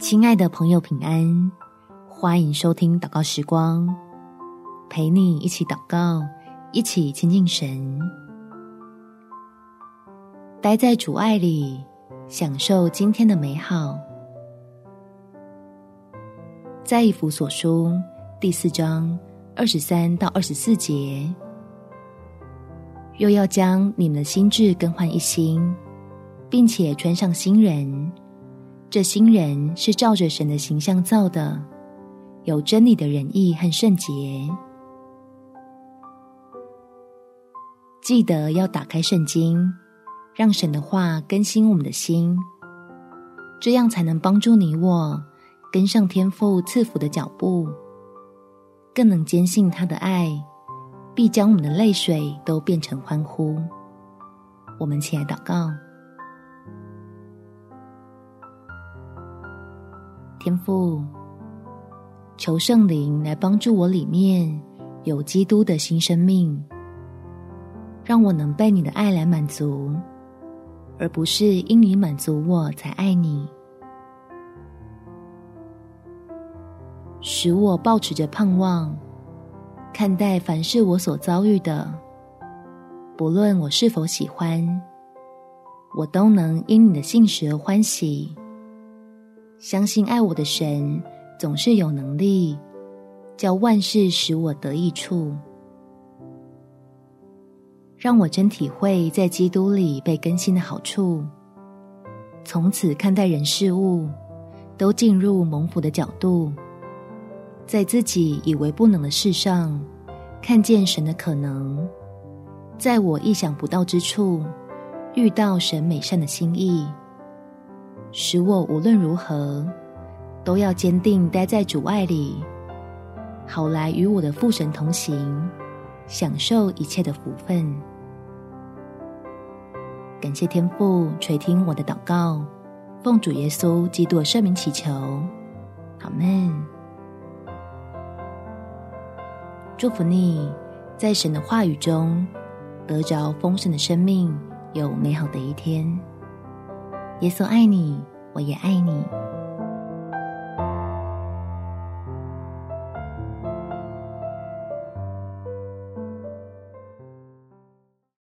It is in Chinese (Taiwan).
親愛的朋友，平安！歡迎收聽禱告時光，陪你一起禱告，一起親近神，待在主愛裡，享受今天的美好。在以弗所書第四章二十三到二十四節，又要將你們的心志更換一新，並且穿上新人。這新人是照着神的形象造的，有真理的仁義和聖潔。記得要打開聖經，讓神的話更新我們的心，這樣才能幫助你我跟上天父賜福的腳步，更能堅信他的愛，必將我們的淚水都變成歡呼。我們起來禱告。天父，求聖靈來幫助我，裡面有基督的新生命，讓我能被你的愛來滿足，而不是因你滿足我才愛你，使我保持着盼望，看待凡是我所遭遇的，不論我是否喜歡，我都能因你的信實而歡喜。相信愛我的神總是有能力，叫萬事使我得益處，讓我真體會在基督裡被更新的好處。從此看待人事物，都進入蒙福的角度，在自己以為不能的事上，看見神的可能；在我意想不到之處，遇到神美善的心意。使我無論如何都要堅定待在主愛裡，好來與我的父神同行，享受一切的福分。感謝天父垂聽我的禱告，奉主耶穌基督的聖名祈求，阿門。祝福你，在神的話語中得着豐盛的生命，有美好的一天。耶穌愛你，我也愛你。